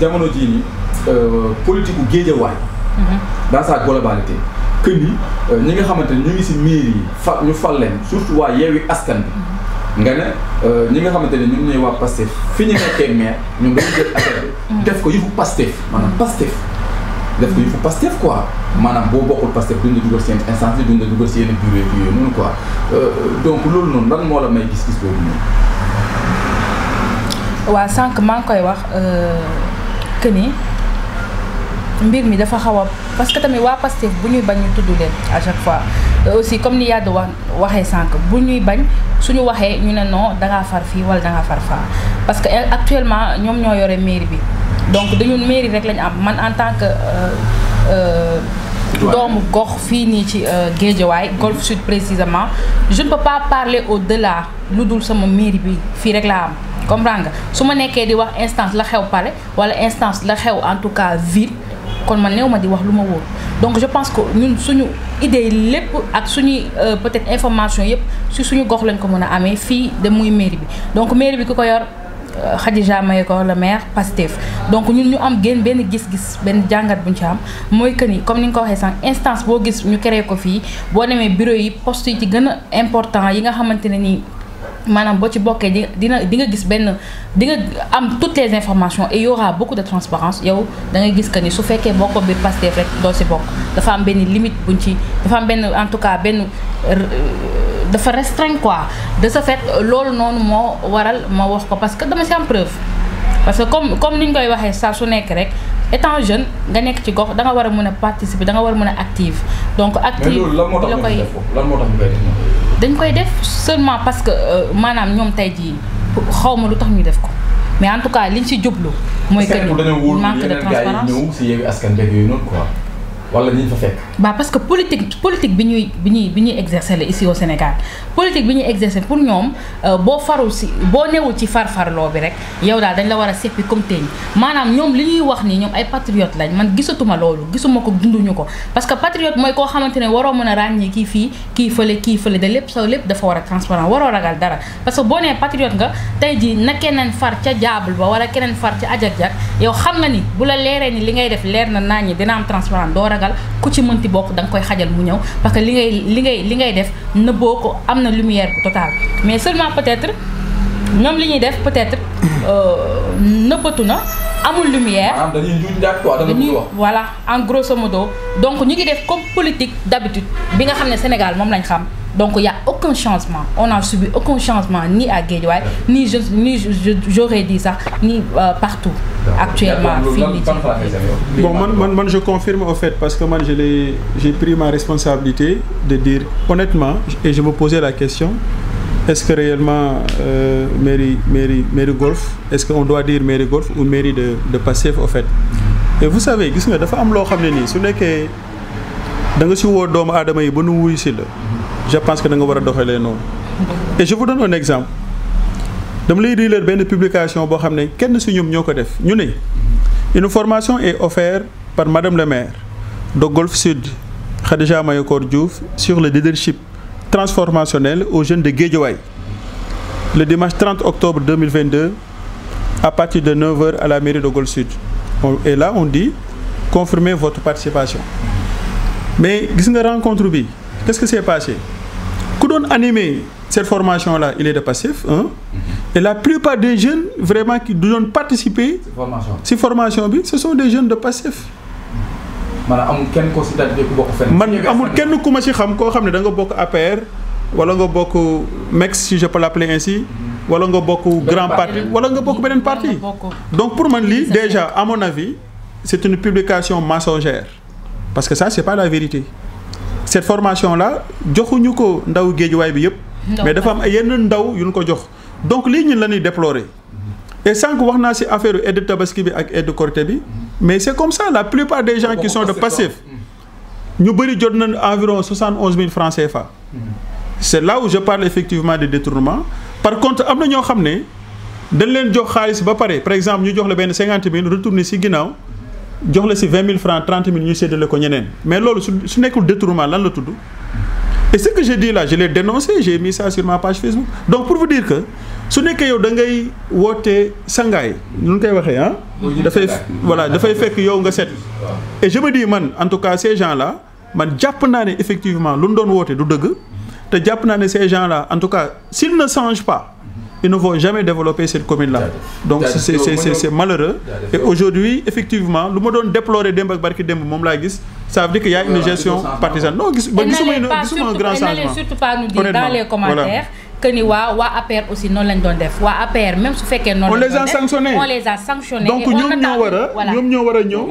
jamono jii nii euh, politique gu géejawaay. Mhm. dans sa globalité. que ni euh, ñi nga xamante ni ñu ngi si miir yi fa ñu fal leen surtout waa yeewi askan bi. Mhm. nga ne euh, ñi nga xamante ni ñun ñooy waa Pastef fi ñu nekkee maire ñun dañu jël affaire bi. Mhm. def ko yëfu Pastef maanaam Pastef. def ko yëfu Pastef quoi maanaam boo bokkul Pastef duñ la dugal seen instance yi duñ la dugal seen bureau yi yooyu noonu quoi donc loolu noonu lan moo la may gis-gis boobu noonu. waa sànq maa koy wax. que ni mbir mi dafa xaw a parce que tamit waa Pastef bu ñuy bañ ñu tudd leen à chaque fois aussi comme ni Yade wax waxee sànq bu ñuy bañ su ñu waxee ñu ne non dangaa far fii wala dangaa far faa parce que actuellement ñoom ñoo yore mairie bi donc dañu mairie rek lañu am man en tant que euh, euh, doomu gox fii nii ci euh, Guédiawaye Golf Sud précisément je pas parler au-delà lu dul sama mairie bi fii rek laa am comprends nga su ma nekkee di wax instance la xew pare wala instance la xew en tout cas ville kon ma néew ma di wax lu ma wóor donc je pense que nu suñu idée yi lépp ak suñuy euh, peut-être information yëpp su suñu gox lañ ko mën a amee fii de muy mairie bi donc mairie bi ku ko yor euh, Khadija Maye ko le maire Pastef donc ñun ñu am génn benn gis-gis benn jàngat bu ñu ci am mooy que ni comme ni nga ko waxee sànq instance boo gis ñu créé ko fii boo demee bureau yi poste ci gën important yi nga xamante ne nii maanaam boo ci bokkee di dina di nga gis benn di nga am toutes les informations et y aura beaucoup de transparence yow dangay gis que ni su fekkee bokkoo biir Pastef rek doo si bokk dafa am benn limite buñ ci dafa am benn en tout cas benn euh, dafa restreint quoi de ce fait loolu noonu moo waral ma wax ko parce que dama si am preuve parce que comme comme ni ñu koy waxee saa su nekk rek étant jeune nga nekk ci gox da war a mën a participer danga war a mën a active donc active la koy dañ koy def seulement parce que euh, maanaam ñoom tey jii xaw ma lu tax ñu def ko mais en tout cas liñ ci jublu mooy que manque de transparence ñëw si yeewi askan beeg yooyu wala ñu fa fekk. waaw parce que politique politique bi ñuy bi ñuy bi ñuy exercer la ici au Sénégal politique bi ñuy exercer pour ñoom euh, boo faru si boo newul ci farfarloo bi rek yow daal dañ la war a seppi comme teeñ maanaam ñoom li ñuy wax nii ñoom ay patriote lañ man gisatuma loolu gisuma ko dunduñu ko parce que patriote mooy koo xamante ne waroo mën a ràññee kii fii kii fële kii fële da lépp sa lépp dafa war a transparent waroo ragal dara parce que boo nee patriote nga tey jii na keneen far ca jaabul ba wala keneen far ca ajak jak yow xam nga ni bu la leeree ni li ngay def leer na naaññi dina am transparent ragal ku ci mënti bokk da nga koy xajal mu ñëw parce que li ngay li ngay li ngay def nëbboo ko am na lumière bu totale mais seulement peut-être ñoom li ñuy def peut-être euh, nëbbatu na amul lumière dañuy njuuñ wax voilà en grosso modo donc ñu ngi def comme politique d'habitude bi nga xam ne Sénégal moom lañ xam donc il y a aucun changement on a subi aucun changement ni à Guédiawaye ni je ni j'aurais dit ni euh, partout actuellement fii nii man man man je confirme au fait parce que man je l'ai j'ai pris ma responsabilité de dire honnêtement et je me posais la question est-ce que réellement euh, mairie mairie mairie golf est-ce qu'on doit dire mairie golf ou mairie de de Pastef au fait et vous savez gis nga dafa am loo xam ne nii su nekkee da nga woo doomu aadama yi ba nu wuyu si la je pense que da nga war a doxalee noonu. et je vous donne un exemple dama lay lire benn publication boo xam ne kenn si ñoom ñoo ko def ñu ne une formation est offerte par madame le maire de Golf Sud Khadija Mayokor Diouf sur le leadership transformationnel aux jeunes de Guédiawaye le dimanche 30 octobre 2022 à partir de 9h à la mairie de Golf Sud et là on dit confirmez votre participation mais gis nga rencontre bi qu'est-ce que c'est passé doon animer cette formation la il est de Pastef mm-hmm. et la plupart des jeunes vraiment qui doon participer si formation bi ce sont des jeunes de Pastef maanaam amul kenn ko si daal man amul kenn ku ma si xam koo xam ne da nga bokk APR wala nga bokk MEX si je peux l'appeler ainsi mm-hmm. wala nga bokk grand parti wala nga bokk beneen parti donc pour man li déjà à mon avis c'est une publication mensongère parce que ça c'est pas la vérité cette formation là joxuñu ko ndaw géejuwaay bi yëpp. mais dafa am yenn ndaw yu ñu ko jox. donc lii ñun la ñuy déplorer et sànq wax naa ci affaire yu tabaski bi ak aide Korité bi mais c' est comme ça la plupart des gens qui sont de passif mm. ñu bëri jot na environ soixante onze mille francs CFA. Mm. c' est là où je parle effectivement de détournement par contre am na ñoo xam ne dañ leen jox xaalis ba pare par exemple ñu jox la benn cinquante mille retourner ci ginnaaw. jox la si vingt mille francs trente mille ñu séddale ko ñeneen mais loolu su su nekkul détournement lan la tudd et ce que la dit là je l'ai dénoncé j'ai mis ça sur ma page Facebook donc pour vous dire que su nekkee yow dangay ngay wootee sangaay nu ñu koy waxee ah dafay voilà dafay fekk yow nga set et je man en tout cas ces gens là man jàpp naa ne effectivement lu ñu doon woote du dëgg te jàpp naa ne ces gens là en tout cas s'ils ne changent pas ils ne vont jamais développer cette commune-là. donc c'est c'est malheureux. et aujourd'hui effectivement lu ma doon déplorer démb ak barki démb moom la gis sa veut dire que y a une gestion partisane non gis. gisuma gisuma un grand changement pas nous dire dans les commentaires. que ni waa waa APR aussi noonu lañ doon def waa APR même su fekkee noonu. on les a sanctionnés on les a sanctionnés. donc ñoom ñoo war a voilà ñoom ñoo war a ñëw.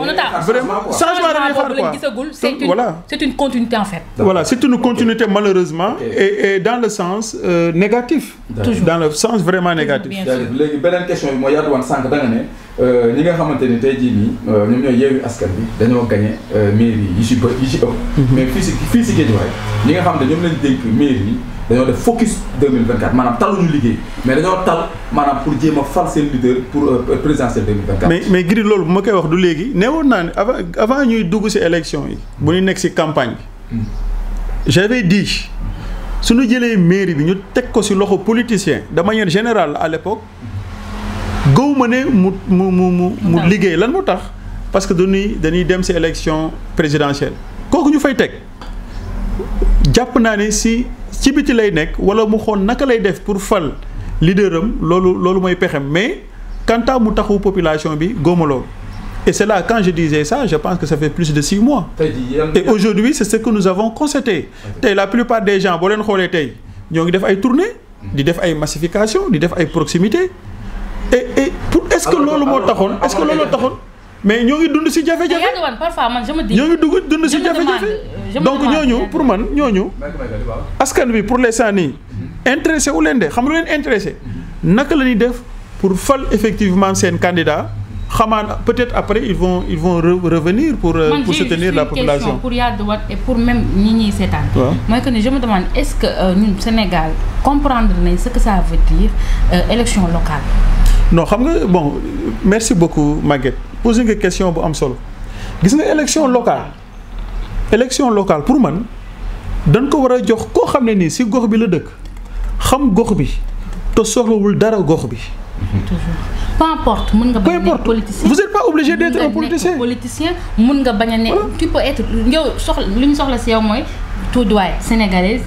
vraiment changement dañuy xaar quoi gisagul c' est une c' est une continuité en fait. voilà c' est une continuité malheureusement. et et dans le sens euh, négatif. toujours dans le sens vraiment négatif. léegi beneen question bi mooy yaatu woon sànq da nga ne euh, ñi nga xamante ni tey jii nii euh, ñoom ñooy yeewi askan bi dañoo gagné mairie yi si ba yi si ëpp. Mhm. mais fii si fii si Guédiawaye ñi nga xam ne ñoom lañ dénk mairie yi dañoo def focus 2024 maanaam taluñu liggéey mais dañoo tal maanaam pour jéem a fal seen leader pour euh, présidentielle 2024. mais mais Gris loolu bu ma koy wax du léegi ne woon naa ne avant avant ñuy dugg si élection yi. bu ñu nekk si campagne bi. Hmm. j'avais dit su ñu jëlee mairie bi ñu teg ko si loxo politicien de manière générale à l'époque gëw ne mu mu mu mu mu liggéey lan moo tax parce que dañuy dañuy dem si élection présidentielle kooku ñu fay teg. jàpp naa ne si ci biti lay nekk wala mu xool naka lay def pour fal leader am loolu loolu mooy pexem mais quant à mu taxawu population bi góoma loolu et c'est la quand je disais ça je pense que ça fait plus de six mois et aujourd'hui c'est ce que nous avons constaté tey la plupart des gens boo leen xoolee tey ñoo ngi def ay tournée di def ay massification di def ay proximité et et ce que loolu moo taxoon est-ce que loolu moo taxoon mais ñoo ngi dund si jafe-jafe ñoo ngi dund si jafe donc ñooñu pour man ñooñu. askan bi pour l'instant nii. Mhm. intéressé wu leen de xam lu leen intéressé. Mhm. naka la ñuy def pour fal effectivement seen candidat. xamaan peut-être après ils vont ils vont re revenir pour. Euh, pour soutenir la population pour Yade Wade et pour même ñi ñuy seetaan. waaw mooy que ne je que euh, ñun euh, Sénégal comprendre nañ ce que ça veut dire euh, élection locale. non xam nga bon merci beaucoup magget posé nga question bu am solo gis nga élection locale. élection locale pour man dañ ko war a jox koo xam ne nii si gox bi la dëkk xam gox bi te soxlawul dara gox bi. peu importe mun nga bañ a nekk politicien vous êtes pas obligé d' être un politicien politicien mën nga bañ a nekk tu peux être yow soxla li soxla si yow mooy tuuti waay sénégalaise.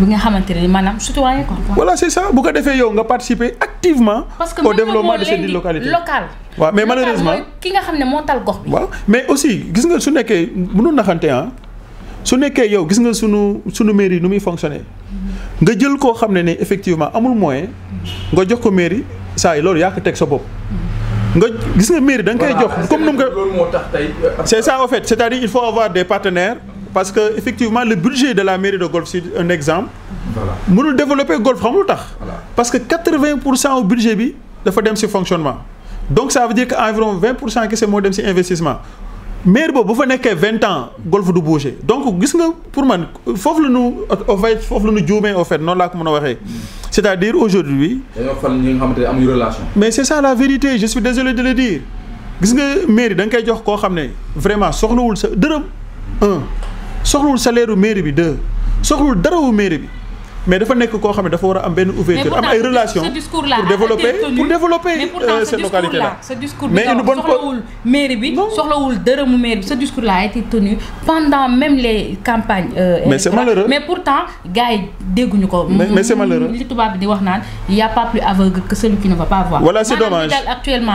bi nga xamante ne maanaam citoyen quoi. voilà c'est ça bu ko defee yow nga participer activement. au développement de cette localité local. waaw mais malheureusement ki nga xam ne moo tal gox bi. waaw mais aussi gis nga su nekkee mu mënul naxante ah su nekkee yow gis nga sunu sunu mairie nu muy fonctionner nga jël koo xam ne ne effectivement amul moyen nga jox ko mairie saa yi loolu yaa teg sa bopp. nga gis nga mairie da koy jox. comme nu mu ko euh, c'est ça en fait c'est-à-dire partenaires. parce que effectivement le budget de la mairie de Golf Sud un exemple. voilà mënul développer Golf xam tax. parce que quatre-vingt pour cent au budget bi dafa dem ci fonctionnement. donc ça veut dire que environ vingt pour cent kese moo dem ci investissement. maire boobu bu fa nekkee vingt ans golf du bouger donc gis nga pour man foofu la ñu au fait foofu la ñu juumee au fait noonu laa ko mën a waxee c'est-à-dire aujourd'hui dañoo fal xamante ne amuñu relation. mais c'est ça la vérité je suis gis nga maire da nga koy jox koo xam ne vraiment soxlawul sa dërëm un. soxlul salaire u mairie bi deux soxlul darawu mairie bi mais dafa nekk koo xam ne dafa war a am benn ouverture am ay relation pour développer pour développer euh, cette localité là mais une bonne soxlawul mairie bi soxlawul bi ce discours là a été tenu pendant même les campagnes euh, mais c'est malheureux mais pourtant gars yi dégguñu ko mais c'est malheureux li tubaab bi di wax naan il y a pas plus aveugle que celui qui ne va pas voir voilà c'est dommage actuellement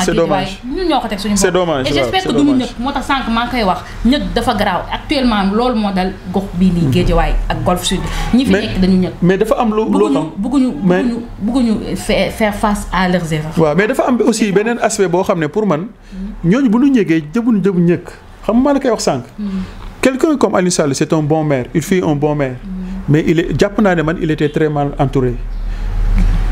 moo tax sànq maa ngi koy wax ñëpp dafa garaaw actuellement loolu moo dal gox bii nii Guédiawaye ak Golf Sud ñi fi nekk dañu ñëpp dafa am lu. loo xam bëgguñu bëgguñu bëgguñu faire face à leurs erreurs. waaw mais dafa am aussi beneen aspect boo xam ne pour man mm. ñooñu bu ñu ñëgee jëbuñu jëbu ñëkk xam ma maa la koy wax sànq. Mm. quelqu'un comme Aliou Sall c'est un bon maire il fut un bon maire. Mm. mais il est jàpp naa ne man il était très mal entouré.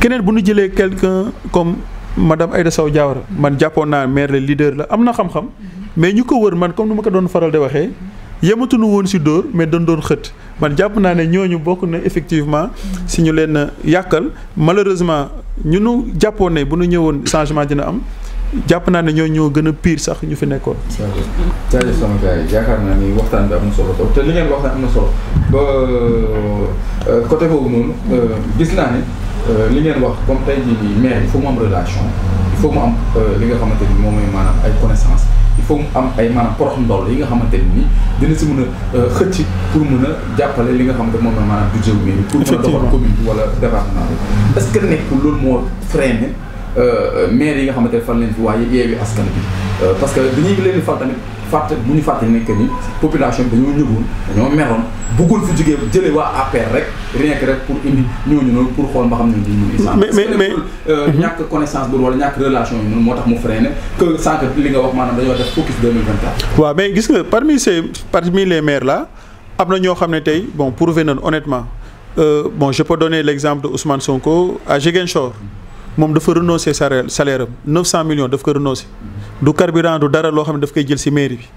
keneen bu nu jëlee quelque comme madame ay Sow Diawara man jàppoon naa maire la leader la am na xam-xam mais ñu ko wër man comme nu ma ko doon faral di waxee. yematuñu woon si dóor mais dañ doon xët man jàpp naa ne ñoo ñu bokk na effectivement si ñu leen yàkkal malheureusement ñu nu jàppoon ne bu ñu ñëwoon changement dina am jàpp naa ne ñoo ñoo gën a piir sax ñu fi nekkoon. jaajëf sama gars yi yaakaar naa ni waxtaan bi am na solo te li ngeen waxtaan am na solo ba euh, côté boobu noonu euh, gis naa ne euh, li ngeen wax comme tey jii maire fu mu am relation. faut mu am euh, li nga xamante ni moom mooy maanaam ay connaissance il faut mu am ay maanaam porox ndoll yi nga xamante ni dina si mën a euh, xëcc pour mën a jàppale li nga xamante moom mooy maanaam budget bi pour mën a doxal commune bi wala département bi est-ce que nekk loolu moo freiné Euh, euh, maire yi nga xamante ne fan leen fi waaye yeewi askan bi euh, parce que bi ñuy leen di fal tamit bu ñu fàtte nekk ni population bi dañoo ñëwoon dañoo meroon bëggoon fi jógee jëlee waa APR rek rien rek pour indi ñooñu noonu pour xool ma xam ne duñ mun mais mais mhm. ñàkk connaissance bu wala ñàkk relation yi moo tax mu freiné que sànq li nga wax maanaam dañoo def focus 2024 waaw mais gis nga parmi ces parmi les maires là am na ñoo xam ne tey bon prouvé nañ honnêtement bon je peux donner l' exemple de Ousmane Sonko à Ziguinchor moom dafa renoncer salaire salaire am 900 millions daf ko renoncer du carburant du dara loo xam ne daf koy jël ci mairie bi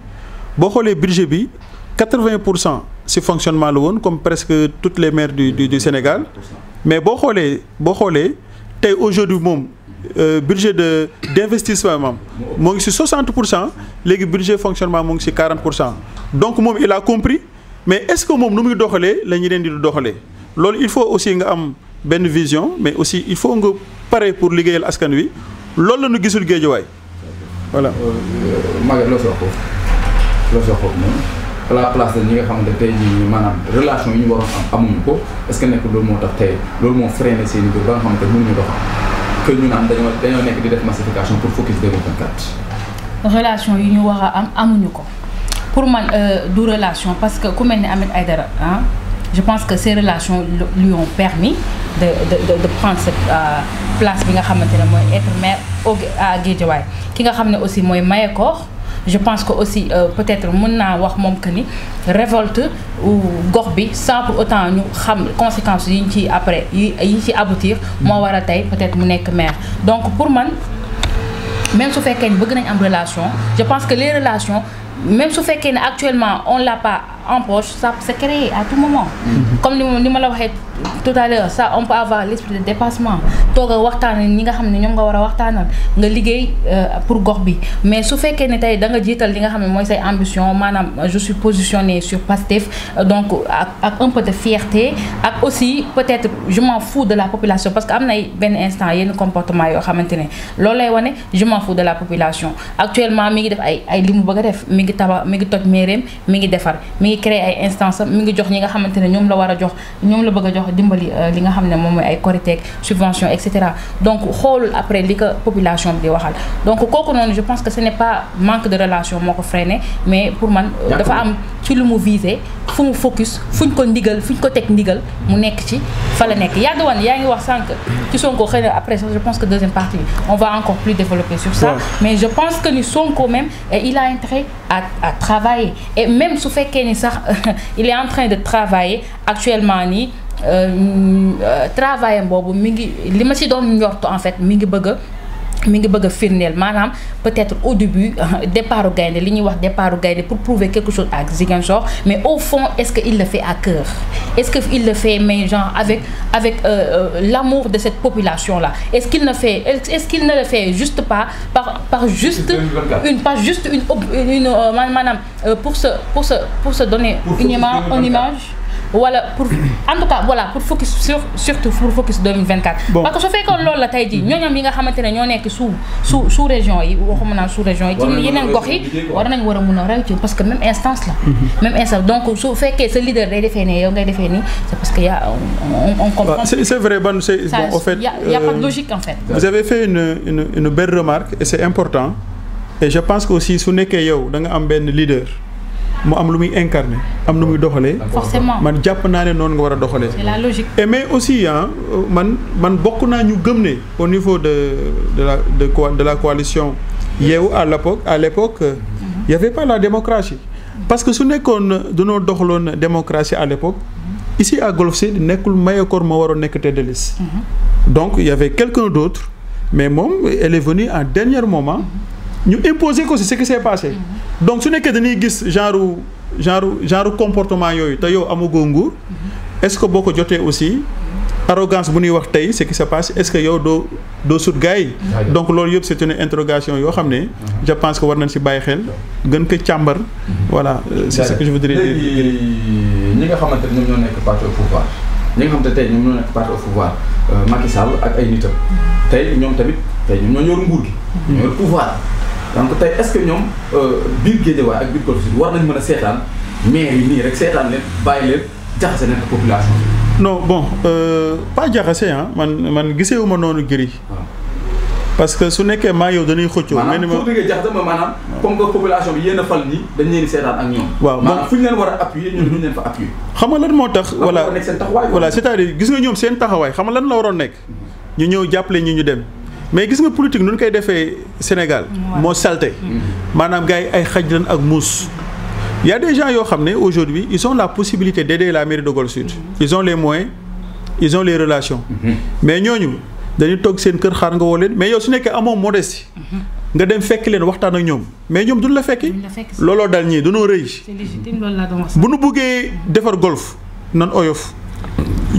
boo xoolee budget bi 80 pour cent ci fonctionnement la woon comme presque toutes les maires du du, du Sénégal mais boo xoolee boo xoolee tey aujourd'hui moom euh, budget de d'investissement moom moo ngi ci 60 pour cent léegi budget fonctionnement moo ngi ci 40 pour cent donc moom il a compris mais est que moom lu muy doxalee la ñu leen di doxalee loolu il faut aussi nga am benn vision mais aussi il faut nga. pare pour liggéeyal askan wi loolu la ñu gisul géejuwaay voilà euh, Maguette loo soog foofu loo soog ko moom la place la ñi nga xamante tey jii am ko est moo tax loolu moo freiné seen i ba nga xamante mënuñu doxam que ñu naan relation yi ñu war a am amuñu ko pour man euh, du relation parce que ku mel ni Ahmed Aïdara ah. je pense que ces relations lui ont permis de de de, euh, place bi nga xamante ne mooy être maire au à ki nga xam ne aussi mooy Mayakor je pense que aussi euh, peut-être mën naa wax moom que ni révolte gox bi sans pour autant ñu xam conséquence yi ci après yi yi ci aboutir. moo war a tey peut-être mu nekk maire donc pour man même su fekkee ni bëgg nañ am relation je pense que les relations même su fekkee ne actuellement on l'a pas. en poche ça peut à tout moment. Mm-hmm. comme ni ma ni ma la waxee tout à l'heure ça on peut avoir l'esprit de dépassement toog a waxtaanal ñi nga xam ne ñoom nga war a waxtaan waxtaanal nga liggéey euh, pour gox bi mais su fekkee ne tey da nga jiital li nga xam ne mooy say ambition maanaam je suis positionné sur Pastef donc ak ak un de fierté ak aussi peut-être je fou fous de la population parce que am na benn instant yenn comportement yoo xamante ne lool lay wane je m'en fous la population actuellement mi ngi def ay ay li a def mi ngi tabax mi ngi toj mairéem mi ngi defar. ngi créer ay instance mi ngi jox ñi nga xamante ñoom la war a jox ñoom la bëgg a jox dimbali euh, li nga xam ne moom mooy ay Coritec subvention et donc xoolul après li ko population bi di waxal donc kooku noonu je pense que ce n'est pas manque de relation moo ko freiné pour man euh, dafa am ci lu mu visé fu mu focus fuñ ko ndigal fuñ ko teg ndigal mu nekk ci fa nekk yàgg woon yaa ngi wax sànq ci Sonko xëy na après je pense que que ni Sonko même il a intérêt à à et même su fekkee ni sax il est en train de travailler actuellement nii euh, euh, travaillam boobu mi ngi li ma ci doon njortu en fait mi ngi bëgg mi ngi bëgg a firndeel maanaam peut-être au début euh, départu gaynde li ñuy wax départu gaynde pour prouver quelque chose ak Ziguinchor mais au fond est-ce que il le fait à cœur est-ce que il le fait mais genre avec avec euh, euh l'amour de cette population là est-ce qu'il ne fait est-ce qu'il ne fait juste pas par par juste une par juste une une euh, maanaam pour se pour pour se donner une, une image wala pour en tout cas voilà pour focus sur surtout pour focus 2024. parce que su fekkoon loolu la tey jii ñooñam yi nga xamante ne ñoo nekk sous sous sous région yi waxuma naa région yi. ci yeneen gox yi war nañ war a mun a rew ci parce que même instance la. Mhm. même instance donc su fekkee sa leader day defee ne yow ngay defee nii parce que y on on comprend. c'est c'est vrai ban c'est bon en fait. y a euh, en fait. vous avez fait une belle remarque et c'est important et je pense que aussi su nekkee yow da am benn leader. mu am lu muy incarné am nu muy doxalee. man jàpp naa ne noonu nga war a doxalee. c'est la logique. et mais aussi ah man man bokk naa ñu gëm ne au niveau de de la de co de la coalition. yeewu à l'époque à l'époque euh, mhm. y avait pas la démocratie. parce que su nekkoon dunoo doxaloon démocratie à l'époque ici à Golf Sud nekkul Mayakor moo waroon nekk tête de mhm. donc y avait quelqu'un d'autre mais moom elle en dernier moment. Mhm. ñu imposer ko si ce qui s'est passé. donc su nekkee dañuy gis genre genre genre comportement yooyu te yow amagoo nguur est-ce que boo ko jotee aussi arrogance bu ñuy wax tey ce qui se passe est-ce que yow doo doo sut gars yi donc loolu yëpp c'est une interrogation yoo xam ne uh-huh. je pense que war nañ si bàyyi xel gën ko càmbar uh-huh. voilà euh, c'est ce que je voudrais dire ñi nga xamante ne ñoom ñoo nekk parti au pouvoir ñi nga xamante tey ñoom ñoo nekk parti au pouvoir euh, Macky Sall ak ay nitam uh-huh. tey ñoom tamit tey ñoo yor nguur gi ñoo pouvoir donc tey est-ce que ñoom euh, biir Guédiawaye ak biir Golf nañ mën a seetaan maire yi nii rek seetaan leen bàyyi leen jaxase leen ak population non bon euh, pas jaxase ah man man gisewu ma noonu giri ah. parce que su nekkee maa yow dañuy xëccoo. maanaam pour nga jaxase ma maanaam a fal nii dañ leen di seetaan ak ñoom. waaw fu ñu leen war a appuyer ñun duñ leen fa appuyer. xam nga lan moo tax. voilà voilà c'est-à-dire gis nga ñoom seen taxawaay xam lan la waroon nekk. Mm-hmm. ñu ñëw jàppale ñu ñu dem. mais gis nga politique nu ñu koy defee Sénégal. moo salte mm. maanaam gars yi ay xaj lañ ak muus. y a des yoo xam ne aujourd'hui ils ont la possibilité d'aider la mairie de Golf Sud. Mm. ils ont les moyens ils ont les relations. Mm-hmm. mais ñooñu dañu toog seen kër xaar nga woo leen mais yow su nekkee amoo des mm-hmm. nga dem fekk leen waxtaan ak ñoom mais ñoom duñ la fekki. looloo daal ñii dañoo rëy. bu nu buggee defar golf noonu oyof.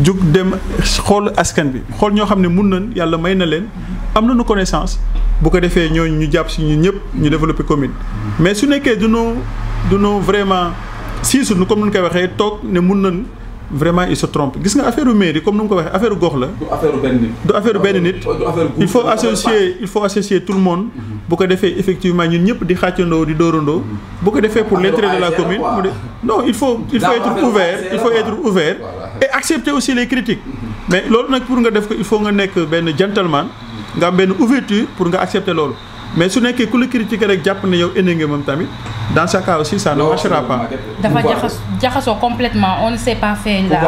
jug dem xool askan bi xool ñoo xam ne mun nañ yàlla may na leen. am na nañu connaissance bu ko defee ñooñu ñu jàpp si ñun ñëpp ñu développer commune mais su nekkee dunoo dunoo vraiment siisu nu comme nu ñu koy waxee toog ne mun nañ vraiment il se trompe gis nga affaire mairie comme nu mu ko waxee affaire gox la. du affaire benn nit. du affaire benn il faut associer il faut associer tout le monde. Mm-hmm. bu ko defee effectivement ñun ñëpp di xàccandoo di dóorandoo. Mm-hmm. bu ko defee pour l'intérêt de la commune mu de non il faut il faut être ouvert il faut aussi les critiques. Mm-hmm. mais loolu nag pour nga def ko il faut nga nekk benn gentleman. nga am benn ouverture pour nga accepter loolu mais su nekkee ku la critiquer rek jàpp na yow ennemi nga moom tamit dans ce cas aussi ça ne dafa jaxasoo complètement on ne sait pas faire la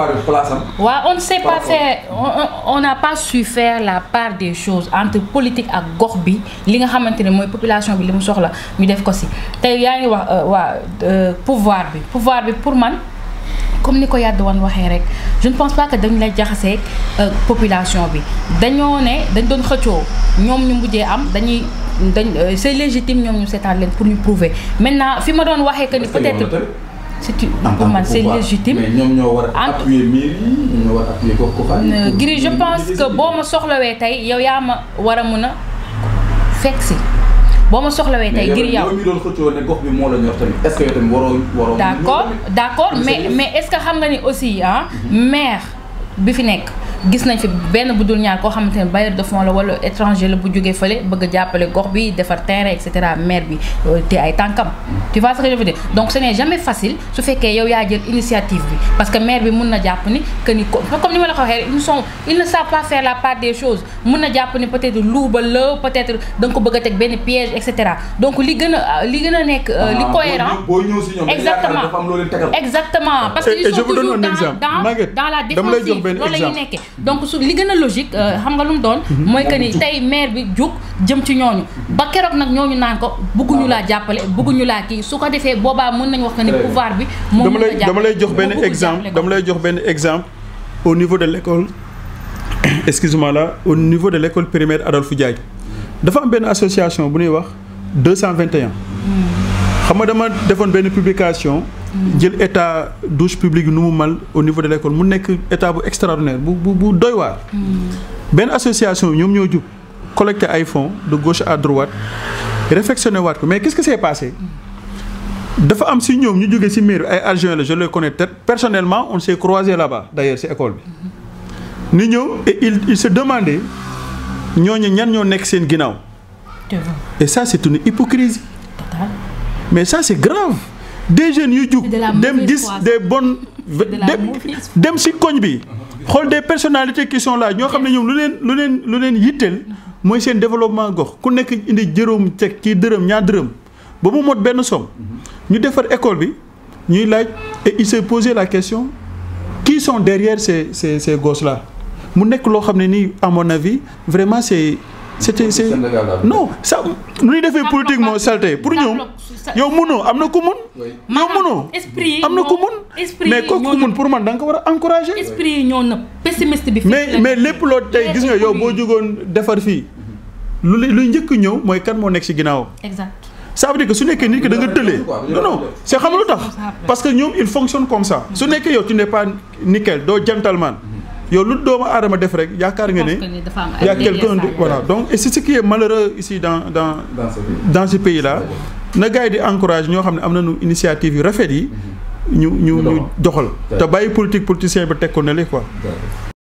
waaw on ne on n'a pas su faire la part des choses entre politique ak gox bi li nga xamante ne mooy population bi li mu soxla ñu def ko si tey yaa ngi wax waa euh, euh, pouvoir bi pouvoir bi pour man. comme ni ko yàdd woon waxee rek je ne pense pas que dañu lay jaxasee euh, population bi dañoo ne dañ doon xëccoo ñoom ñu mujjee am dañuy dañ euh, c'est légitime ñoom ñu seetaan leen pour ñu prouver maintenant fi ma doon waxee que ni peut-être c'est pour man c'est légitime mais ñoom ñoo war a appuyer mairie ñoom ñoo a pense que boo ma soxlawee tey yow yaa ma war a mën a fekk si boo ma soxlawee tey ngir yow mais doon xëccoo ne gox moo la ñor tamit est-ce que yow tamit waroo waroo. mais mais est-ce que xam nga ni aussi ah maire bi fi nekk. gis nañ fi benn bu dul ñaar koo xamante ne bailleur de fonds la wala étranger la bu jógee fële bëgg jàppale gox bi defar terrain et cetera maire bi te ay tànkam tu vois ce que je veux donc ce jamais facile su fekkee yow yaa jël initiative bi parce que maire bi mun na jàpp ni que ni comme ni ma la ko waxee ils sont ils ne savent la part des choses mun na jàpp ni peut-être luuba la peut-être da nga ko bëgg teg benn piège et cetera donc li gën a li gën a nekk euh, li ah, cohérent exactement exactement parce que ils sont toujours donc su li gën a logique euh, xam nga lu mu doon. Mhm. mooy que ni tey maire bi jóg jëm ci ñooñu. ba keroog nag ñooñu naan ko bëgguñu laa jàppale bëgguñu laa kii su ko defee boobaa mën nañu wax que ni pouvoir bi. moom dama lay dama jox benn exemple dama lay jox benn exemple. au niveau de l' école excuse au niveau de lecole école primaire Adolphe Diagne dafa am benn association bu ñuy wax 221. Hmm. xam nga dama defoon benn publication. jël état douche publique nu mu mal au niveau de l'école mu nekk état bu extraordinaire bu bu bu doy waar. Hmm. benn association ñoom ñoo jub collecté ay fonds de gauche à droite waat ko mais qu'est-ce qui s'est dafa am si ñoom ñu jógee si mairie ay adjoints la je les connais peut personnellement on s'est croisé là-bas d'ailleurs si école bi. Hmm. ñu ñëw et il il se demandait ñooñu ñan ñoo nekk seen ginnaaw. et ça c'est une hypocrisie. mais ça c'est grave. des jeunes yu jug dem gis des bonnes dem si koñ bi mhm. xool des personnalités qui sont là ñoo xam ne ñoom lu leen lu leen lu leen yitteel mooy seen développement gox ku nekk indi jëróom teg kii dërëm ñaa dërëm ba mu mot benn somme mhm. ñu defar école bi ñuy laaj et il s'est posé la question qui sont derrière ces ces ces gosses la mu nekk loo xam ne nii amoon mon avis vraiment c'est c'était c'est non sa nu ñuy defee politique moo salté pour ñoom yow mënoo am na ku mun. yow mënoo am na ku mun. mais kooku ku mun pour man da nga ko war a encourager. esprit yi ñoo na pessimiste bi. mais mais lépp loo tey gis nga yow boo jugoon defar fii lu luy njëkk ñëw mooy kan moo nekk ci ginnaaw. exact ça veut dire su nekkee nit ki da nga tëlee. non non c'est xam lu tax. parce que ñoom il fonctionne comme sa su nekkee yow tu n'es pas nickel doo gentleman. yow lu doomu aadama def rek yaakaar nga ne y a quelqu'un voilà donc et c'est ce qui est malheureux ici dans dans dans pays là na gars di encourage ñoo xam ne am na nañu initiative yu rafet yi mhm. ñu ñu ñu doxal te bàyyi politique politicien bi teg ko ne li